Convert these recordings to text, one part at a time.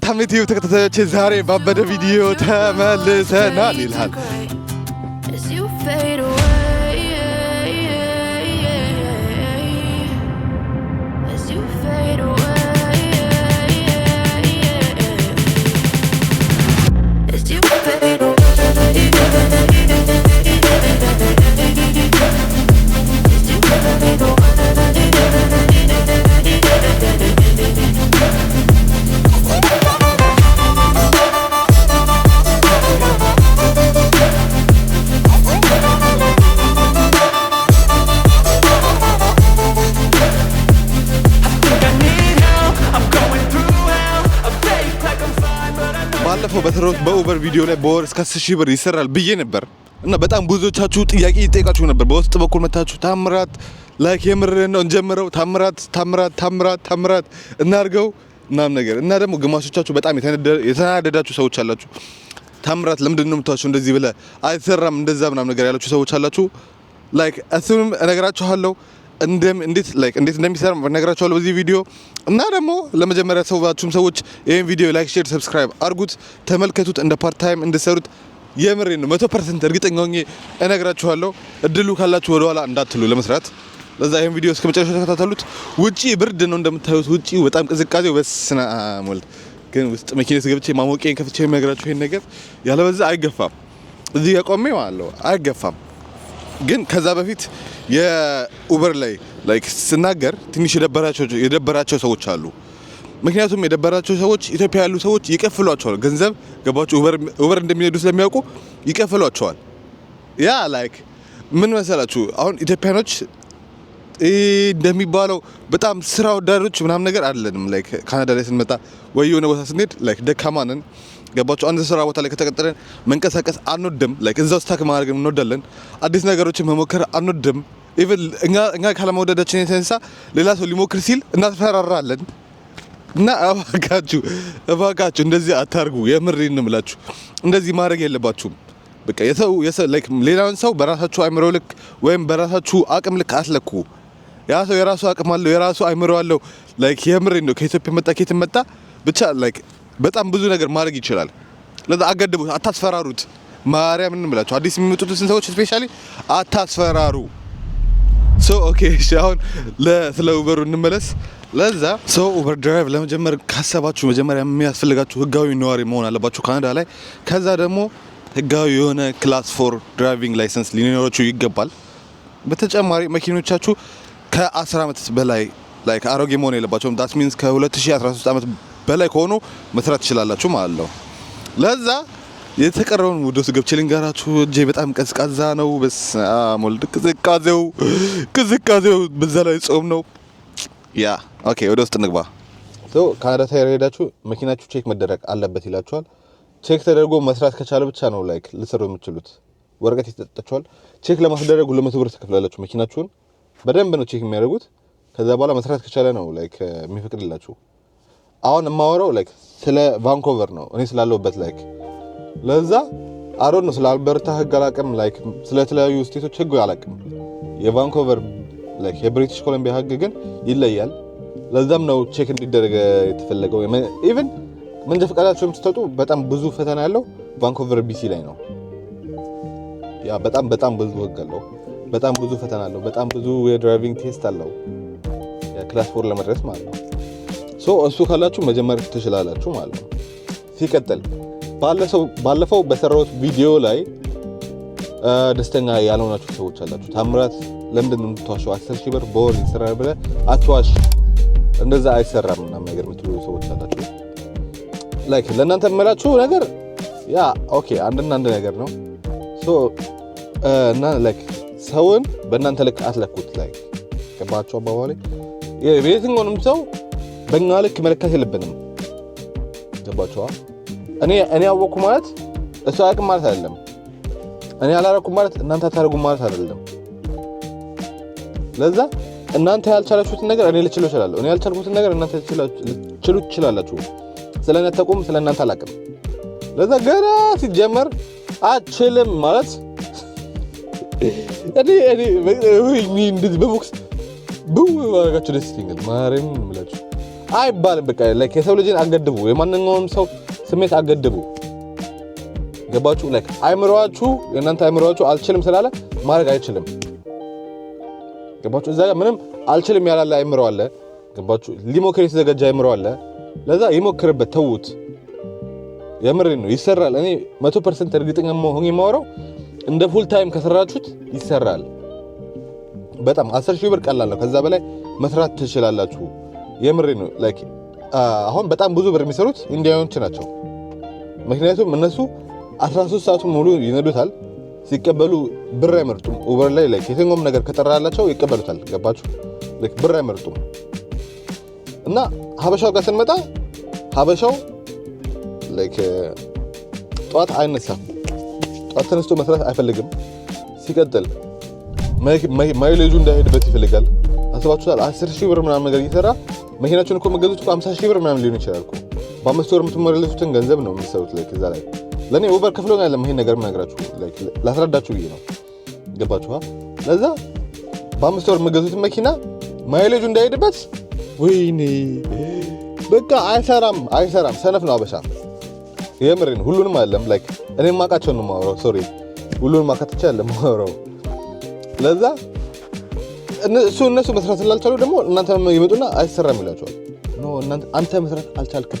تحميتي وتقطعت زهري بابا فيديو تملسنا للهاد As you በሰራሁት በኡበር ቪዲዮ ላይ በወር እስከ አስር ሺህ ብር ይሰራል ብዬ ነበር እና በጣም ብዙዎቻችሁ ጥያቄ ይጠይቃችሁ ነበር። በውስጥ በኩል መታችሁ ታምራት ላይክ የምር ነው እንጀምረው ታምራት ታምራት ታምራት ታምራት እናርገው ምናምን ነገር እና ደግሞ ግማሾቻችሁ በጣም የተናደዳችሁ ሰዎች አላችሁ። ታምራት ለምንድን ነው የምታችሁ እንደዚህ ብለህ አይሰራም እንደዛ ምናምን ነገር ያላችሁ ሰዎች አላችሁ። ላይክ እሱንም እነግራችኋለሁ። እንዴት ላይክ እንዴት እንደሚሰራ ነግራችኋለሁ በዚህ ቪዲዮ እና ደግሞ ለመጀመሪያ ሰባችሁም ሰዎች ይሄን ቪዲዮ ላይክ፣ ሼር፣ ሰብስክራይብ አድርጉት፣ ተመልከቱት፣ እንደ ፓርት ታይም እንድሰሩት የምሬን ነው 100% እርግጠኛ ሆኜ እነግራችኋለሁ። እድሉ ካላችሁ ወደኋላ እንዳትሉ ለመስራት ለዛ ይሄን ቪዲዮ እስከ መጨረሻ ተከታተሉት። ውጪ ብርድ ነው እንደምታዩት፣ ውጪ በጣም ቅዝቃዜው በስና ሞልድ ግን ውስጥ መኪና ገብቼ ማሞቄን ከፍቼ የሚነግራችሁ ይሄን ነገር ያለበዛ አይገፋም። እዚህ ያቆሜ ማለት አይገፋም። ግን ከዛ በፊት የኡበር ላይ ላይክ ስናገር ትንሽ የደበራቸው ሰዎች አሉ። ምክንያቱም የደበራቸው ሰዎች ኢትዮጵያ ያሉ ሰዎች ይቀፍሏቸዋል ገንዘብ ገባቸው ኡበር እንደሚሄዱ ስለሚያውቁ ይቀፍሏቸዋል። ያ ላይክ ምን መሰላችሁ አሁን ኢትዮጵያኖች እንደሚባለው በጣም ስራ ወዳዶች ምናምን ነገር አለንም። ላይክ ካናዳ ላይ ስንመጣ ወይ የሆነ ቦታ ስንሄድ ላይክ ደካማ ነን ገባችሁ? አንድ ስራ ቦታ ላይ ከተቀጠለን መንቀሳቀስ አንወድም። ላይክ እዛው ስታክ ማድረግ እንወዳለን። አዲስ ነገሮችን መሞከር አንወድም። ኢቭን እኛ ካለመወደዳችን የተነሳ ሌላ ሰው ሊሞክር ሲል እናስፈራራለን። እና እባካችሁ እባካችሁ እንደዚህ አታርጉ። የምር እንምላችሁ እንደዚህ ማድረግ የለባችሁም። በቃ የሰው የሰው ላይክ ሌላውን ሰው በራሳችሁ አይምሮ ልክ ወይም በራሳችሁ አቅም ልክ አትለኩ። ያ ሰው የራሱ አቅም አለው፣ የራሱ አይምሮ አለው። ላይክ የምር ነው። ከኢትዮጵያ መጣ ኬት መጣ ብቻ ላይክ በጣም ብዙ ነገር ማድረግ ይችላል። ለዛ አገድቡት፣ አታስፈራሩት። ማርያም እንምላችሁ አዲስ የሚመጡትን ሰዎች ስፔሻሊ አታስፈራሩ። ሶ ኦኬ፣ እሺ፣ አሁን ስለ ኡበሩ እንመለስ። ለዛ ሶ ኡበር ድራይቭ ለመጀመር ካሰባችሁ መጀመሪያ የሚያስፈልጋችሁ ህጋዊ ነዋሪ መሆን አለባችሁ ካናዳ ላይ። ከዛ ደግሞ ህጋዊ የሆነ ክላስ ፎር ድራይቪንግ ላይሰንስ ሊኖራችሁ ይገባል። በተጨማሪ መኪኖቻችሁ ከ10 ዓመት በላይ ላይክ አሮጌ መሆን የለባቸውም። ዳት ሚንስ ከ2013 ዓመት በላይ ከሆኑ መስራት ትችላላችሁ ማለት ነው። ለዛ የተቀረውን ውዶስ ውስጥ ገብቼ ልንገራችሁ። እጄ በጣም ቀዝቃዛ ነው። በስመ ቅዝቃዜው ቅዝቃዜው በዛ ላይ ጾም ነው። ያ ኦኬ፣ ወደ ውስጥ እንግባ። ካናዳ ታየር ሄዳችሁ መኪናችሁ ቼክ መደረግ አለበት ይላችኋል። ቼክ ተደርጎ መስራት ከቻለ ብቻ ነው ላይክ ልሰሩ የምችሉት። ወረቀት የተሰጣችኋል። ቼክ ለማስደረግ ሁለት መቶ ብር ትከፍላላችሁ። መኪናችሁን በደንብ ነው ቼክ የሚያደርጉት። ከዛ በኋላ መስራት ከቻለ ነው ላይክ የሚፈቅድላችሁ አሁን የማወራው ላይክ ስለ ቫንኮቨር ነው እኔ ስላለሁበት ላይክ ለዛ አሮን ነው ስለ አልበርታ ህግ አላቅም፣ ላይክ ስለ ተለያዩ ስቴቶች ህግ አላቅም። የቫንኮቨር ላይክ የብሪቲሽ ኮሎምቢያ ህግ ግን ይለያል። ለዛም ነው ቼክ እንዲደረገ የተፈለገው። ኢቭን መንጃ ፈቃዳቸውም ስትወጡ በጣም ብዙ ፈተና ያለው ቫንኮቨር ቢሲ ላይ ነው። ያ በጣም በጣም ብዙ ህግ አለው። በጣም ብዙ ፈተና አለው። በጣም ብዙ የድራይቪንግ ቴስት አለው። ክላስ ፎር ለመድረስ ማለት ነው። እሱ ካላችሁ መጀመር ትችላላችሁ ማለት ነው። ሲቀጥል ባለፈው በሰራሁት ቪዲዮ ላይ ደስተኛ ያልሆናችሁ ሰዎች አላችሁ። ታምራት ለምንድን ነው የምትዋሸው? አስር ሺህ ብር በወር ይሰራ ብለህ አትዋሽ፣ እንደዛ አይሰራም ምናምን ነገር የምትሉ ሰዎች አላችሁ። ላይክ ለእናንተ የምላችሁ ነገር ያ ኦኬ፣ አንድና አንድ ነገር ነው። እና ላይክ ሰውን በእናንተ ልክ አትለኩት። ላይክ ገባችሁ አባባሌ የትኛውንም ሰው በእኛ ልክ መለካት የለብንም። ገባችኋ? እኔ እኔ አወቅኩ ማለት እሱ አያውቅም ማለት አይደለም። እኔ አላረኩም ማለት እናንተ አታደርጉም ማለት አይደለም። ለዛ እናንተ ያልቻላችሁትን ነገር እኔ ልችለው እችላለሁ። እኔ ያልቻልኩትን ነገር እናንተ ልችሉ ትችላላችሁ። ስለ እኔ አታውቁም፣ ስለ እናንተ አላውቅም። ለዛ ገና ሲጀመር አችልም ማለት እኔ እኔ እንደዚህ በቦክስ ብው ማድረጋቸው ደስ ይለኛል። ማርያምን እምላችሁ አይባልም። በቃ ላይክ የሰው ልጅን አገድቡ፣ የማንኛውም ሰው ስሜት አገድቡ። ገባችሁ? ላይክ አይምሯችሁ፣ የእናንተ አይምሯችሁ አልችልም ስላለ ማድረግ አይችልም። ገባችሁ? እዛ ጋር ምንም አልችልም ያላለ አይምሮ አለ። ገባችሁ? ሊሞክር የተዘጋጀ አይምሮ አለ። ለዛ ይሞክርበት፣ ተዉት። የምር ነው ይሰራል። እኔ 100% እርግጠኛ ሆኜ የማወራው እንደ ፉል ታይም ከሰራችሁት ይሰራል። በጣም 10 ሺህ ብር ቀላል ነው። ከዛ በላይ መስራት ትችላላችሁ። የምሬ ነው። ላይክ አሁን በጣም ብዙ ብር የሚሰሩት ኢንዲያኖች ናቸው። ምክንያቱም እነሱ 13 ሰዓቱ ሙሉ ይነዱታል። ሲቀበሉ ብር አይመርጡም። ኡበር ላይ ላይክ የትኛውም ነገር ከጠራላቸው ይቀበሉታል። ገባችሁ? ላይክ ብር አይመርጡም። እና ሀበሻው ጋር ስንመጣ ሀበሻው ላይክ ጠዋት አይነሳም። ጠዋት ተነስቶ መስራት አይፈልግም። ሲቀጥል ማይሌጁ እንዳይሄድበት ይፈልጋል። አስባችሁታል? 10 ሺህ ብር ምናምን ነገር እየሰራ መኪናችሁን እኮ መገዙት 50 ሺህ ብር ምናምን ሊሆን ይችላል እኮ በአምስት ወር የምትመለሱትን ገንዘብ ነው የምትሰሩት። ላይ እዛ ላይ ለእኔ ኦቨር ኡበር ያለ ይሄን ነገር ምነግራችሁ ላስረዳችሁ ብዬ ነው። ገባችኋ? ለዛ በአምስት ወር የምገዙትን መኪና ማይሌጁ እንዳይሄድበት፣ ወይኔ በቃ አይሰራም፣ አይሰራም። ሰነፍ ነው አበሻ። የምሬን ሁሉንም አለም ላይክ እኔም አውቃቸውን ነው የማወራው። ሶሪ ሁሉንም አካተቻ ያለ ማወራው ለዛ እሱ እነሱ መስራት ስላልቻሉ ደግሞ እናንተ ይመጡና አይሰራም ይላቸዋል። አንተ መስራት አልቻልክም።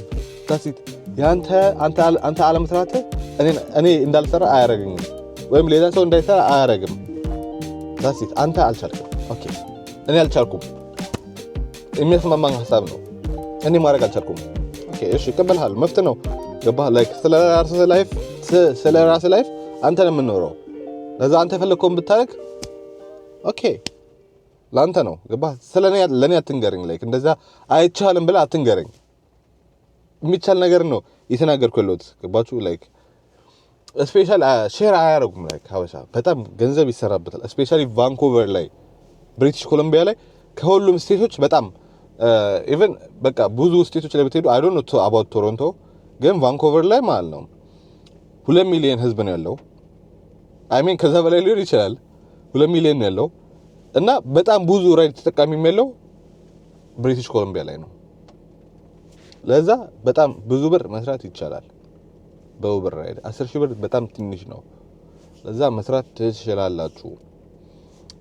አንተ አለመስራት እኔ እንዳልሰራ አያደርገኝም፣ ወይም ሌላ ሰው እንዳይሰራ ታሲት አንተ አልቻልክም፣ እኔ አልቻልኩም። የሚያስማማኝ ሀሳብ ነው። እኔ ማድረግ አልቻልኩም። እሺ ይቀበልሃል፣ መፍት ነው። ገባህ? ስለ ራስህ ላይፍ አንተ ነው የምንኖረው። ለዛ አንተ የፈለግከውን ብታደርግ ኦኬ ለአንተ ነው። ገባ። ስለ ለእኔ አትንገረኝ። ላይክ እንደዛ አይቻልም ብለህ አትንገረኝ። የሚቻል ነገር ነው የተናገርኩ ያለሁት። ገባችሁ? ላይክ ስፔሻል ሼር አያደርጉም። ላይክ ሀበሻ በጣም ገንዘብ ይሰራበታል። ስፔሻሊ ቫንኮቨር ላይ ብሪቲሽ ኮሎምቢያ ላይ ከሁሉም ስቴቶች በጣም ኢቨን በቃ ብዙ ስቴቶች ላይ ብትሄዱ አይ ዶንት ኖ አባውት ቶሮንቶ ግን ቫንኩቨር ላይ ማለት ነው ሁለት ሚሊዮን ህዝብ ነው ያለው። አይ ሚን ከዛ በላይ ሊሆን ይችላል። ሁለት ሚሊዮን ነው ያለው እና በጣም ብዙ ራይድ ተጠቃሚ የሚለው ብሪቲሽ ኮሎምቢያ ላይ ነው። ለዛ በጣም ብዙ ብር መስራት ይቻላል። በውብር ራይድ አስር ሺህ ብር በጣም ትንሽ ነው። ለዛ መስራት ትችላላችሁ።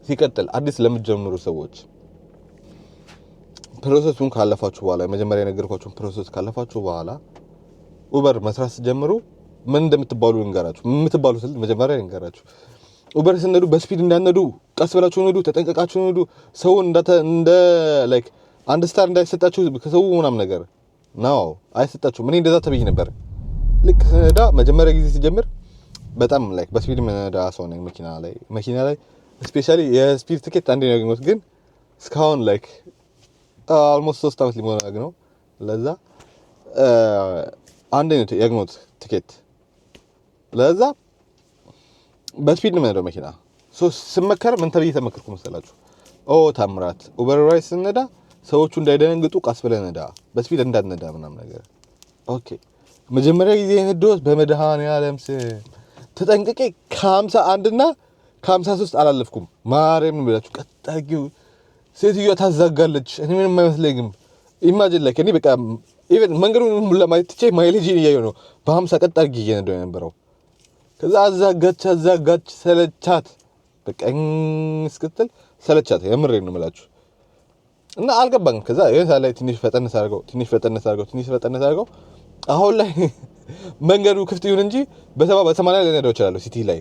ሲቀጥል አዲስ ለምትጀምሩ ሰዎች ፕሮሰሱን ካለፋችሁ በኋላ የመጀመሪያ የነገርኳችሁን ፕሮሰስ ካለፋችሁ በኋላ ኡበር መስራት ስትጀምሩ ምን እንደምትባሉ ልንገራችሁ። የምትባሉ ስል መጀመሪያ ልንገራችሁ። ኡበር ስነዱ በስፒድ እንዳነዱ ቀስ ብላችሁን ሂዱ፣ ተጠንቀቃችሁን ሂዱ። ሰውን እንደ እንደ ላይክ አንድ ስታር እንዳይሰጣችሁ ከሰው ምናምን ነገር ነው አይሰጣችሁም። እኔ እንደዛ ተብዬ ነበር። ልክ ስነዳ መጀመሪያ ጊዜ ሲጀምር በጣም ላይክ በስፒድ መነዳ ሰው ነኝ። መኪና ላይ መኪና ላይ ስፔሻሊ የስፒድ ትኬት አንዴ ነው ያገኘሁት፣ ግን እስካሁን ላይክ አልሞስት ሶስት አመት ሊሞላ ነው። ለዛ አንዴ ነው ያገኘሁት ትኬት። ለዛ በስፒድ ነው የምነዳው መኪና ስመከር ምን ተብዬ ተመከርኩ መሰላችሁ? ኦ ታምራት ኡበር ራይስ ስነዳ ሰዎቹ እንዳይደነግጡ ቃስ ብለህ ነዳ፣ በስፒድ እንዳትነዳ ምናምን ነገር። ኦኬ መጀመሪያ ጊዜ የነዳሁት በመድኃኔዓለም ስም ተጠንቅቄ ከሀምሳ አንድና ከሀምሳ ሶስት አላለፍኩም። ነው ብላችሁ ቀጣጊው ሴትዮዋ ታዛጋለች። እኔ ምንም አይመስለኝም። ኢማጅን ላይ እኔ በቃ ኢቨን መንገዱን ሁላ ማየት ትቼ ማይሌጅን እያየሁ ነው። በሀምሳ ቀጥ አድርጌ እየነዳሁ የነበረው ከዛ አዛጋች አዛጋች ሰለቻት። በቀኝ እስክትል ሰለቻት። የምሬ ነው የምላችሁ። እና አልገባኝም። ከዛ የሆነ ላይ ትንሽ ፈጠን ሳርገው ትንሽ ፈጠን ሳርገው ትንሽ ፈጠን ሳርገው አሁን ላይ መንገዱ ክፍት ይሁን እንጂ በሰባ በሰማንያ ላይ ልነዳው እችላለሁ። ሲቲ ላይ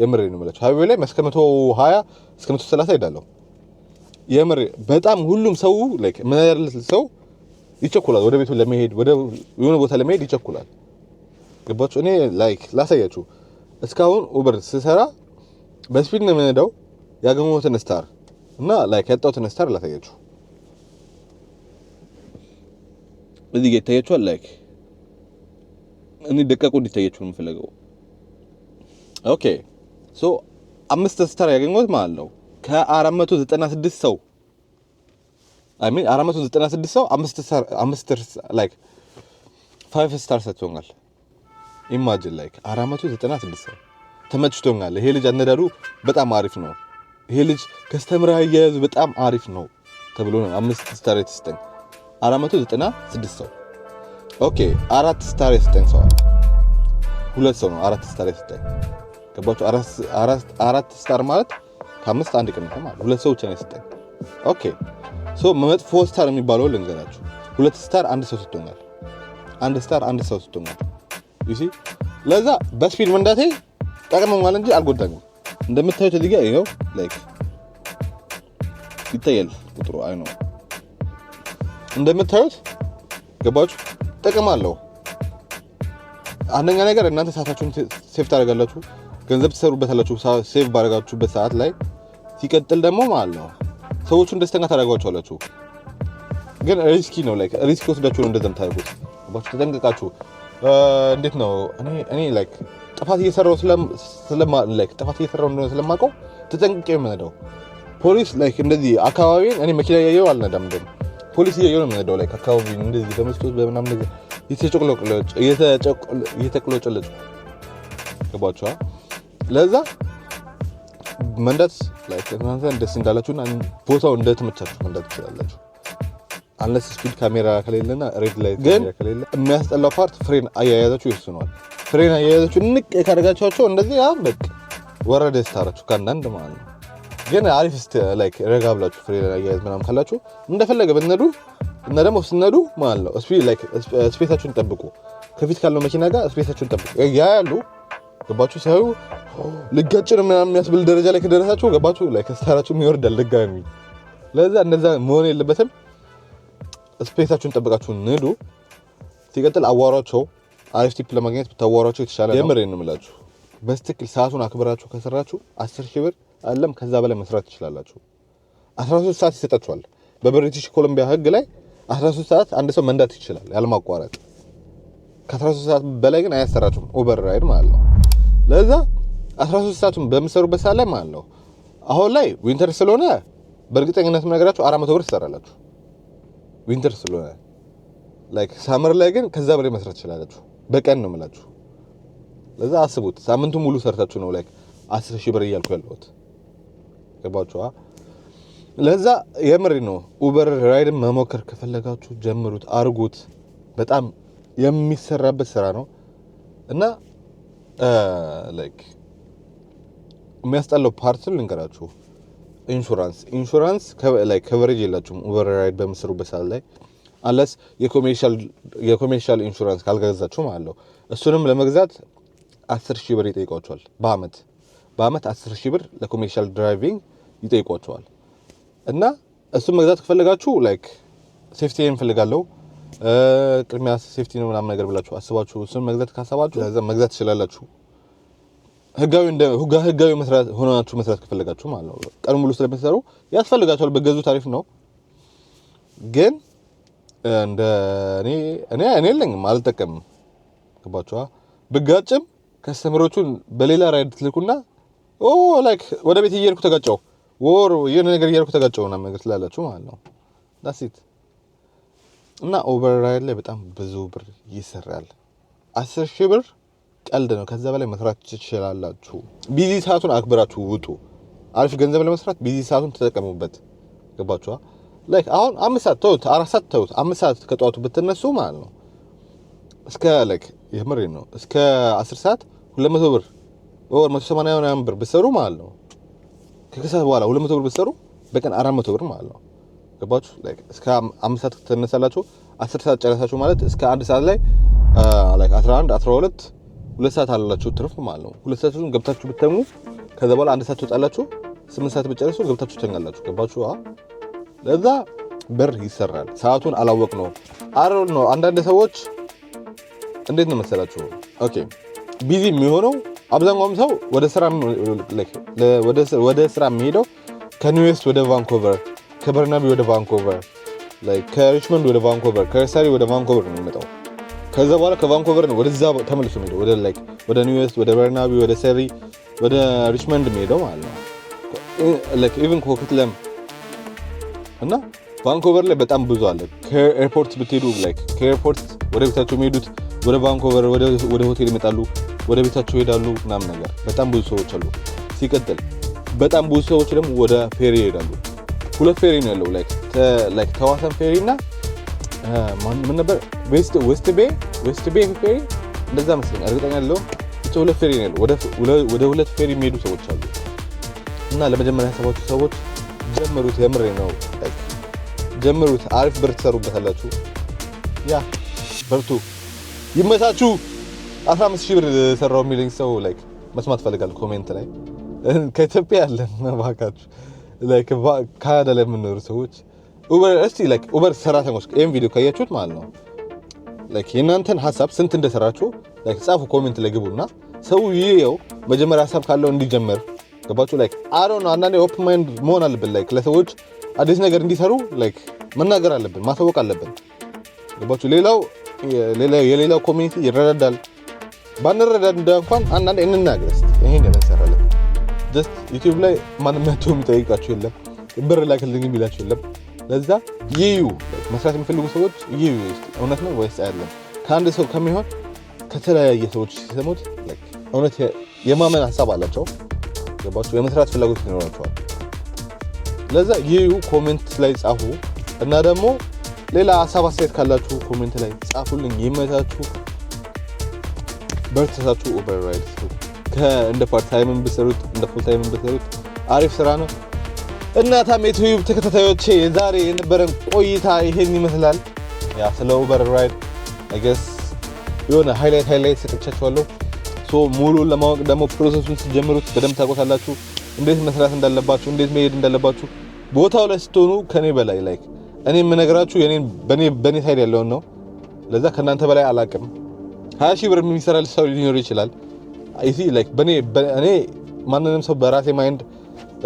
የምሬ ነው የምላችሁ። ሀይዌ ላይ እስከ መቶ ሀያ እስከ መቶ ሰላሳ ሄዳለሁ። የምሬ በጣም ሁሉም ሰው ላይክ ሰው ይቸኩላል ወደ ቤቱ ለመሄድ ወደ የሆነ ቦታ ለመሄድ ይቸኩላል። ገባችሁ? እኔ ላይክ ላሳያችሁ እስካሁን ኡበር ስሰራ በስፒድ ነው የምንሄደው። ያገኘሁትን ስታር እና ላይክ ያጣሁትን ስታር ላሳያችሁ። እዚህ ጋር ይታያችኋል። ላይክ እኔ ደቀቁ እንዲታያችሁ ነው የምፈለገው። ኦኬ ሶ አምስት ስታር ያገኘሁት ማለት ነው ከ496 ሰው አይ ሚን 496 ሰው አምስት ስታር አምስት ላይክ ፋይቭ ስታር ሰጥቶኛል። ኢማጂን ላይክ 496 ሰው ተመችቶኛል። ይሄ ልጅ አነዳዱ በጣም አሪፍ ነው፣ ይሄ ልጅ ከስተምራ አያያዙ በጣም አሪፍ ነው ተብሎ ነው አምስት ስታር የተሰጠኝ። አራት ዘጠና ስድስት ሰው ኦኬ፣ አራት ስታር የተሰጠኝ ሰው ሁለት ሰው ነው አራት ስታር የተሰጠኝ። ገባችሁ? አራት ስታር ማለት ከአምስት አንድ ቀንሰ ማለት ሁለት ሰው ብቻ ነው የሰጠኝ። ኦኬ ሶ መጥፎ ስታር የሚባለው ልንገራችሁ። ሁለት ስታር አንድ ሰው ሰጥቶኛል። አንድ ስታር አንድ ሰው ሰጥቶኛል። ዩሲ ለዛ በስፒድ መንዳቴ ጠቅሞኛል እንጂ አልጎዳኝም። እንደምታዩት እዚህ ጋር ይኸው ላይክ ይታያል ቁጥሩ አይ ነው እንደምታዩት ገባችሁ። ጥቅም አለው። አንደኛ ነገር እናንተ ሰዓታችሁን ሴፍ ታደርጋላችሁ፣ ገንዘብ ትሰሩበታላችሁ። ሴፍ ባደረጋችሁበት ሰዓት ላይ ሲቀጥል ደግሞ ማለት ነው ሰዎቹን ደስተኛ ታደርጓቸዋላችሁ። ግን ሪስኪ ነው፣ ላይክ ሪስኪ ወስዳችሁ ነው እንደዛ የምታደርጉት። ተጠንቀቃችሁ። እንዴት ነው እኔ ላይክ ጥፋት እየሰራው ስለማለክ ጥፋት እየሰራው እንደሆነ ስለማውቀው ተጠንቅቄ የምነዳው ፖሊስ ላይክ እንደዚህ አካባቢን እኔ መኪና እያየሁ አልነዳም። እንደውም ፖሊስ እያየሁ ነው የምነዳው። ላይክ አካባቢ እንደዚህ በመስኮት በምናምን ነገር እየተቅሎጭለጭ ገባችኋል። ለዛ መንዳት ላይክ እናንተ ደስ እንዳላችሁና ቦታው እንደተመቻችሁ መንዳት ትችላላችሁ። አንለስ ስፒድ ካሜራ ከሌለና ሬድ ላይ ግን የሚያስጠላው ፓርት ፍሬን አያያዛችሁ ይወስነዋል። ፍሬን አያያዛችሁ ንቅ የካደጋችኋቸው እንደዚህ ያ በቅ ወረደ ስታረችሁ ከአንዳንድ ማለት ነው። ግን አሪፍ ስ ላይክ ረጋ ብላችሁ ፍሬን አያያዝ ምናምን ካላችሁ እንደፈለገ ብትነዱ እና ደግሞ ስነዱ ማለት ነው ስፔሳችሁን ጠብቁ። ከፊት ካለው መኪና ጋር ስፔሳችሁን ጠብቁ። ያ ያሉ ገባችሁ ሳዩ ልጋጭን ምናምን የሚያስብል ደረጃ ላይ ከደረሳችሁ ገባችሁ ላይ ከስታራችሁ ይወርዳል ድጋሚ። ለዛ እንደዛ መሆን የለበትም። ስፔሳችሁን ጠብቃችሁ ንዱ። ሲቀጥል አዋሯቸው፣ አሪፍ ቲፕ ለማግኘት ብታዋሯቸው የተሻለ ነው። የምሬን ነው ሰዓቱን አክብራችሁ ከሰራችሁ አስር ሺህ ብር አለም ከዛ በላይ መስራት ትችላላችሁ። 13 ሰዓት ይሰጣችኋል። በብሪቲሽ ኮሎምቢያ ህግ ላይ 13 ሰዓት አንድ ሰው መንዳት ይችላል ያለማቋረጥ። ከ13 ሰዓት በላይ ግን አያሰራችሁም ኡበር ራይድ ማለት ነው። ለዛ 13 ሰዓቱን በምሰሩበት ሰዓት ላይ ማለት ነው አሁን ላይ ዊንተር ስለሆነ በእርግጠኝነት የምነግራችሁ 400 ብር ትሰራላችሁ። ዊንተር ስለሆነ ላይክ ሳመር ላይ ግን ከዛ በላይ መስራት ትችላላችሁ። በቀን ነው የምላችሁ። ለዛ አስቡት። ሳምንቱ ሙሉ ሰርታችሁ ነው ላይክ አስር ሺህ ብር እያልኩ ያለሁት ገባችኋ? ለዛ የምሪ ነው። ኡበር ራይድን መሞከር ከፈለጋችሁ ጀምሩት፣ አርጉት። በጣም የሚሰራበት ስራ ነው እና ላይክ የሚያስጠላው ፓርት ልንገራችሁ ኢንሹራንስ ኢንሹራንስ ላይ ከቨሬጅ የላችሁም ኦቨር ራይድ በምትሰሩበት ሰዓት ላይ አለስ የኮሜርሻል ኢንሹራንስ ካልገዛችሁ ማለት ነው። እሱንም ለመግዛት 10 ሺህ ብር ይጠይቋቸዋል በአመት በአመት 10 ሺህ ብር ለኮሜርሻል ድራይቪንግ ይጠይቋቸዋል። እና እሱን መግዛት ከፈለጋችሁ ላይክ ሴፍቲ እንፈልጋለሁ ቅድሚያ ሴፍቲ ነው ምናምን ነገር ብላችሁ አስባችሁ እሱን መግዛት ካሰባችሁ መግዛት ትችላላችሁ። ህጋዊ እንደ ህጋዊ መስራት ሆናችሁ መስራት ከፈለጋችሁ ማለት ነው። ቀን ሙሉ ስለምትሰሩ ያስፈልጋችኋል። በገዙ ታሪፍ ነው። ግን እንደ እኔ እኔ እኔ የለኝም አልጠቀምም። ገባችኋ? ብጋጭም ከስተመሮቹን በሌላ ራይድ ትልኩና ኦ ላይክ ወደ ቤት እየሄድኩ ተጋጨው ወር የሆነ ነገር እያልኩ ተጋጨው ምናምን ነገር ትላላችሁ ማለት ነው። ዳሲት እና ኦቨር ራይድ ላይ በጣም ብዙ ብር ይሰራል። አስር ሺህ ብር ቀልድ ነው። ከዛ በላይ መስራት ትችላላችሁ። ቢዚ ሰዓቱን አክብራችሁ ውጡ። አሪፍ ገንዘብ ለመስራት ቢዚ ሰዓቱን ተጠቀሙበት። ገባችኋ? ላይክ አሁን አምስት ሰዓት ተውት፣ አራት ሰዓት ተውት፣ አምስት ሰዓት ከጠዋቱ ብትነሱ ማለት ነው እስከ ላይክ የምሬ ነው እስከ አስር ሰዓት ሁለት መቶ ብር ወር መቶ ሰማንያ ምናምን ብር ብትሰሩ ማለት ነው ከከሰዓት በኋላ ሁለት መቶ ብር ብትሰሩ በቀን አራት መቶ ብር ማለት ነው። ገባችሁ? ላይክ እስከ አምስት ሰዓት ትነሳላችሁ፣ አስር ሰዓት ጨረሳችሁ ማለት እስከ አንድ ሰዓት ላይ ላይክ አስራ አንድ አስራ ሁለት ሁለት ሰዓት አላላችሁ ትርፍ ማለት ነው። ሁለት ሰዓት ገብታችሁ ብትተኙ ከዛ በኋላ አንድ ሰዓት ትወጣላችሁ። ስምንት ሰዓት ብትጨርሱ ገብታችሁ ተኛላችሁ። ገባችሁ? ለዛ በር ይሰራል። ሰዓቱን አላወቅ ነው አረ ነው። አንዳንድ ሰዎች እንዴት ነው መሰላችሁ ኦኬ ቢዚ የሚሆነው አብዛኛውም ሰው ወደ ስራ ወደ ስራ የሚሄደው ከኒውዌስት ወደ ቫንኮቨር፣ ከበርናቢ ወደ ቫንኮቨር፣ ከሪችመንድ ወደ ቫንኮቨር፣ ከርሳሪ ወደ ቫንኮቨር ነው የሚመጣው ከዛ በኋላ ከቫንኮቨር ነው ወደዛ ተመልሶ ሄደው ወደ ላይክ ወደ ኒውዌስት፣ ወደ በርናቢ፣ ወደ ሰሪ፣ ወደ ሪችመንድ ሄደው ማለት ነው ላይክ ኢቭን ኮክትለም እና ቫንኮቨር ላይ በጣም ብዙ አለ። ከኤርፖርት ብትሄዱ ላይክ ከኤርፖርት ወደ ቤታቸው የሚሄዱት ወደ ቫንኮቨር ወደ ሆቴል ይመጣሉ፣ ወደ ቤታቸው ይሄዳሉ ምናምን ነገር በጣም ብዙ ሰዎች አሉ። ሲቀጥል በጣም ብዙ ሰዎች ደግሞ ወደ ፌሪ ይሄዳሉ። ሁለት ፌሪ ነው ያለው ላይክ ተዋሳን ፌሪ እና ምን ነበር ዌስት ቤ ዌስት ቤ ፌሪ እንደዛ መስለኝ እርግጠኛ ያለው ብቻ ሁለት ፌሪ ነው ያለው። ወደ ሁለት ፌሪ የሚሄዱ ሰዎች አሉ። እና ለመጀመሪያ ያሰባችሁ ሰዎች ጀምሩት። የምሬ ነው ጀምሩት። አሪፍ ብር ትሰሩበታላችሁ። ያ በርቱ፣ ይመቻችሁ። 15 ሺህ ብር ሰራው የሚለኝ ሰው ላይክ መስማት ፈልጋለሁ ኮሜንት ላይ ከኢትዮጵያ ያለን እባካችሁ ላይክ ካናዳ ላይ የምንኖሩ ሰዎች እስቲ ላይክ ኡበር ሰራተኞች ይህን ቪዲዮ ካያችሁት ማለት ነው ላይክ የእናንተን ሀሳብ ስንት እንደሰራችሁ ላይክ ጻፉ፣ ኮሜንት ላይ ግቡና ሰው ይየው መጀመሪያ ሀሳብ ካለው እንዲጀምር ገባችሁ። ላይክ አሮ ነው አንዳንዴ ኦፕን ማይንድ መሆን አለብን። ላይክ ለሰዎች አዲስ ነገር እንዲሰሩ ላይክ መናገር አለብን፣ ማሳወቅ አለብን። ገባችሁ። ሌላው የሌላው ኮሚኒቲ ይረዳዳል። እንደ እንኳን አንዳንዴ እንናገር። ይሄን የመሰራለን ጀስት ዩቲዩብ ላይ ማንም መቶ የሚጠይቃችሁ የለም፣ ብር ላክልኝ የሚላችሁ የለም። ለዛ ይዩ መስራት የሚፈልጉ ሰዎች ይዩ እውነት ነው ወይስ አይደለም። ከአንድ ሰው ከሚሆን ከተለያየ ሰዎች ሲሰሙት እውነት የማመን ሀሳብ አላቸው፣ ገባቸው የመስራት ፍላጎት ይኖራቸዋል። ለዛ ይዩ ኮሜንት ላይ ጻፉ እና ደግሞ ሌላ ሀሳብ አስተያየት ካላችሁ ኮሜንት ላይ ጻፉልኝ። ይመታችሁ፣ በርተሳችሁ ኦቨርራይድ እንደ ፓርት ታይምን ብትሰሩት እንደ ፉል ታይምን ብትሰሩት አሪፍ ስራ ነው። እና ታም የዩቲዩብ ተከታታዮቼ ዛሬ የነበረን ቆይታ ይሄን ይመስላል። ያ ስለ ኡበር ራይድ አይገስ የሆነ ሃይላይት ሃይላይት ሰጥቻችኋለሁ። ሶ ሙሉን ለማወቅ ደግሞ ፕሮሰሱን ሲጀምሩት በደንብ ታውቁታላችሁ። እንዴት መስራት እንዳለባችሁ፣ እንዴት መሄድ እንዳለባችሁ ቦታው ላይ ስትሆኑ ከኔ በላይ ላይክ እኔ የምነግራችሁ በኔ በኔ ሳይድ ያለውን ነው። ለዛ ከእናንተ በላይ አላቅም። ሀያ ሺህ ብር የሚሰራ ሰው ሊኖር ይችላል። እኔ ማንንም ሰው በራሴ ማይንድ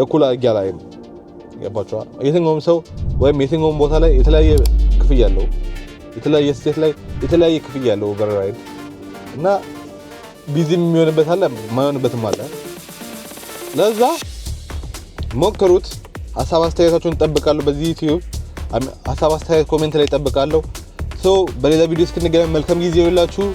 እኩል አድርጌ አላይም። ገባችኋል? የትኛውም ሰው ወይም የትኛውም ቦታ ላይ የተለያየ ክፍያ አለው፣ የተለያየ ስቴት ላይ የተለያየ ክፍያ አለው በረራ ራይድ እና ቢዚ የሚሆንበት አለ፣ የማይሆንበትም አለ። ለዛ ሞክሩት። ሀሳብ አስተያየታችሁን እጠብቃለሁ። በዚህ ዩቲዩብ ሀሳብ አስተያየት ኮሜንት ላይ እጠብቃለሁ። ሰው በሌላ ቪዲዮ እስክንገናኝ መልካም ጊዜ ይሁንላችሁ።